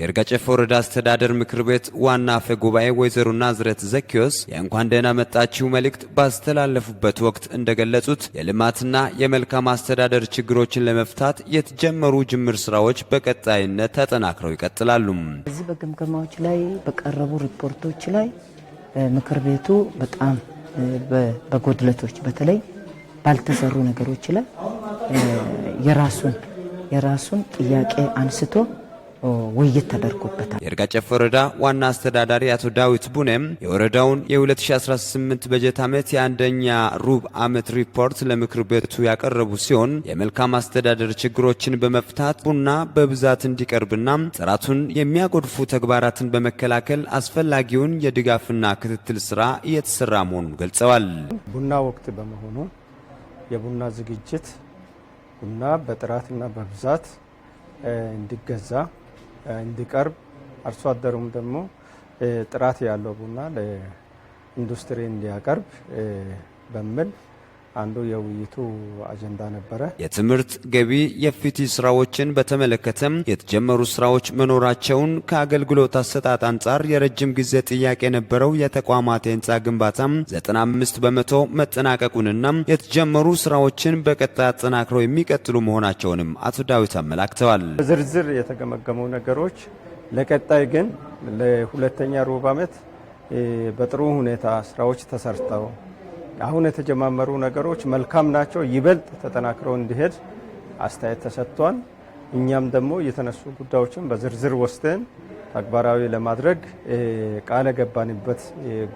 የይርጋ ወረዳ አስተዳደር ምክር ቤት ዋና አፈ ጉባኤ ወይዘሮ ናዝረት ዘኪዮስ የእንኳን ደህና መጣችው መልእክት ባስተላለፉበት ወቅት እንደገለጹት የልማትና የመልካም አስተዳደር ችግሮችን ለመፍታት የተጀመሩ ጅምር ስራዎች በቀጣይነት ተጠናክረው ይቀጥላሉ። እዚህ በግምገማዎች ላይ በቀረቡ ሪፖርቶች ላይ ምክር ቤቱ በጣም በጎድለቶች በተለይ ባልተሰሩ ነገሮች ላይ የራሱን የራሱን ጥያቄ አንስቶ ውይይት ተደርጎበታል። የእርጋጨፍ ወረዳ ዋና አስተዳዳሪ አቶ ዳዊት ቡኔም የወረዳውን የ2018 በጀት ዓመት የአንደኛ ሩብ ዓመት ሪፖርት ለምክር ቤቱ ያቀረቡ ሲሆን የመልካም አስተዳደር ችግሮችን በመፍታት ቡና በብዛት እንዲቀርብና ጥራቱን የሚያጎድፉ ተግባራትን በመከላከል አስፈላጊውን የድጋፍና ክትትል ስራ እየተሰራ መሆኑን ገልጸዋል። ቡና ወቅት በመሆኑ የቡና ዝግጅት ቡና በጥራትና በብዛት እንዲገዛ እንዲቀርብ አርሶ አደሩም ደግሞ ጥራት ያለው ቡና ለኢንዱስትሪ እንዲያቀርብ በሚል አንዱ የውይይቱ አጀንዳ ነበረ። የትምህርት ገቢ የፍትህ ስራዎችን በተመለከተም የተጀመሩ ስራዎች መኖራቸውን ከአገልግሎት አሰጣጥ አንጻር የረጅም ጊዜ ጥያቄ የነበረው የተቋማት የህንፃ ግንባታም 95 በመቶ መጠናቀቁንና የተጀመሩ ስራዎችን በቀጣይ አጠናክረው የሚቀጥሉ መሆናቸውንም አቶ ዳዊት አመላክተዋል። ዝርዝር የተገመገሙ ነገሮች ለቀጣይ ግን ለሁለተኛ ሩብ ዓመት በጥሩ ሁኔታ ስራዎች ተሰርተው አሁን የተጀማመሩ ነገሮች መልካም ናቸው። ይበልጥ ተጠናክረው እንዲሄድ አስተያየት ተሰጥቷል። እኛም ደግሞ የተነሱ ጉዳዮችን በዝርዝር ወስደን ተግባራዊ ለማድረግ ቃለ ገባንበት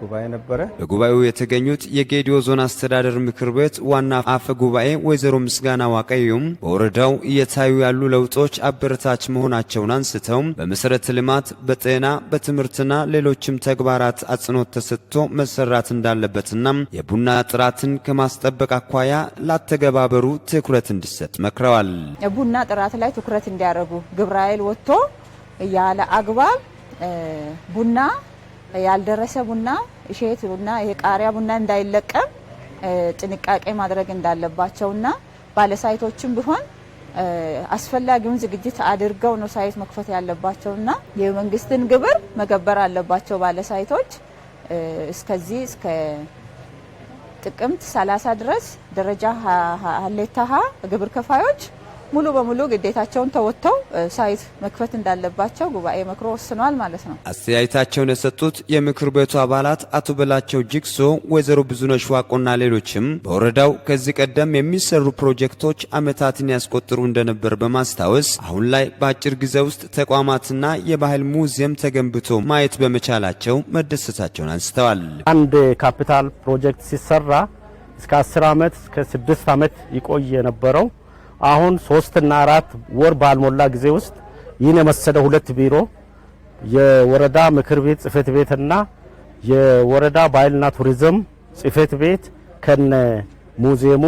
ጉባኤ ነበረ። በጉባኤው የተገኙት የጌዲዮ ዞን አስተዳደር ምክር ቤት ዋና አፈ ጉባኤ ወይዘሮ ምስጋና ዋቀዩም በወረዳው እየታዩ ያሉ ለውጦች አበረታች መሆናቸውን አንስተው በመሰረተ ልማት፣ በጤና፣ በትምህርትና ሌሎችም ተግባራት አጽንኦት ተሰጥቶ መሰራት እንዳለበትና የቡና ጥራትን ከማስጠበቅ አኳያ ለአተገባበሩ ትኩረት እንዲሰጥ መክረዋል። የቡና ጥራት ላይ ትኩረት እንዲያደርጉ ግብረ ኃይል ወጥቶ ያለ አግባብ ቡና ያልደረሰ ቡና፣ እሸት ቡና፣ የቃሪያ ቡና እንዳይለቀም ጥንቃቄ ማድረግ እንዳለባቸውና ባለሳይቶችም ቢሆን አስፈላጊውን ዝግጅት አድርገው ነው ሳይት መክፈት ያለባቸውና የመንግስትን ግብር መገበር አለባቸው። ባለሳይቶች እስከዚህ እስከ ጥቅምት 30 ድረስ ደረጃ ሀሌታ ግብር ከፋዮች ሙሉ በሙሉ ግዴታቸውን ተወጥተው ሳይት መክፈት እንዳለባቸው ጉባኤ መክሮ ወስኗል ማለት ነው። አስተያየታቸውን የሰጡት የምክር ቤቱ አባላት አቶ በላቸው ጅግሶ፣ ወይዘሮ ብዙነሽ ዋቆና ሌሎችም በወረዳው ከዚህ ቀደም የሚሰሩ ፕሮጀክቶች ዓመታትን ያስቆጥሩ እንደነበር በማስታወስ አሁን ላይ በአጭር ጊዜ ውስጥ ተቋማትና የባህል ሙዚየም ተገንብቶ ማየት በመቻላቸው መደሰታቸውን አንስተዋል። አንድ ካፒታል ፕሮጀክት ሲሰራ እስከ 10 ዓመት እስከ 6 ዓመት ይቆይ የነበረው አሁን ሶስትና አራት ወር ባልሞላ ጊዜ ውስጥ ይህን የመሰለ ሁለት ቢሮ የወረዳ ምክር ቤት ጽህፈት ቤትና የወረዳ ባህልና ቱሪዝም ጽህፈት ቤት ከነ ሙዚየሙ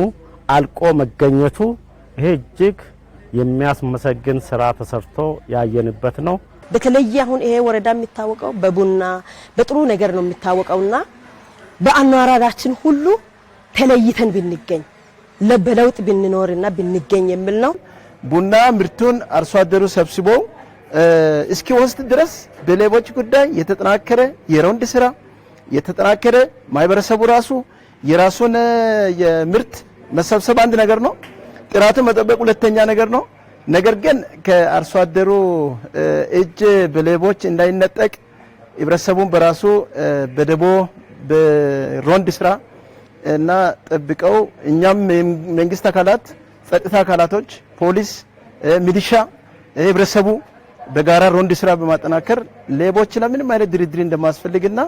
አልቆ መገኘቱ ይሄ እጅግ የሚያስመሰግን ስራ ተሰርቶ ያየንበት ነው። በተለየ አሁን ይሄ ወረዳ የሚታወቀው በቡና በጥሩ ነገር ነው የሚታወቀውና በአኗራራችን ሁሉ ተለይተን ብንገኝ በለውጥ ብንኖርና ብንገኝ የሚል ነው። ቡና ምርቱን አርሶ አደሩ ሰብስቦ እስኪ ወስድ ድረስ በሌቦች ጉዳይ የተጠናከረ የሮንድ ስራ የተጠናከረ ማህበረሰቡ ራሱ የራሱን የምርት መሰብሰብ አንድ ነገር ነው። ጥራቱን መጠበቅ ሁለተኛ ነገር ነው። ነገር ግን ከአርሶ አደሩ እጅ በሌቦች እንዳይነጠቅ ህብረተሰቡን በራሱ በደቦ በሮንድ ስራ እና ጠብቀው እኛም መንግስት አካላት፣ ጸጥታ አካላቶች፣ ፖሊስ፣ ሚሊሻ፣ ህብረተሰቡ በጋራ ሮንድ ስራ በማጠናከር ሌቦች ለምንም አይነት ድርድር እንደማስፈልግና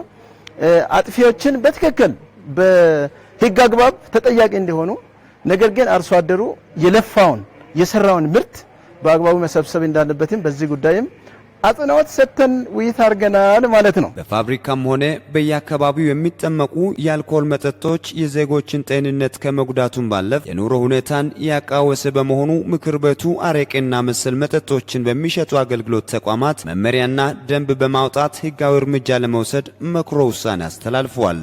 አጥፊዎችን በትክክል በህግ አግባብ ተጠያቂ እንደሆኑ ነገር ግን አርሶ አደሩ የለፋውን የሰራውን ምርት በአግባቡ መሰብሰብ እንዳለበትም በዚህ ጉዳይም አጽንኦት ሰጥተን ውይይት አድርገናል ማለት ነው። በፋብሪካም ሆነ በየአካባቢው የሚጠመቁ የአልኮል መጠጦች የዜጎችን ጤንነት ከመጉዳቱም ባለፍ የኑሮ ሁኔታን ያቃወሰ በመሆኑ ምክር ቤቱ አረቄና መሰል መጠጦችን በሚሸጡ አገልግሎት ተቋማት መመሪያና ደንብ በማውጣት ሕጋዊ እርምጃ ለመውሰድ መክሮ ውሳኔ አስተላልፏል።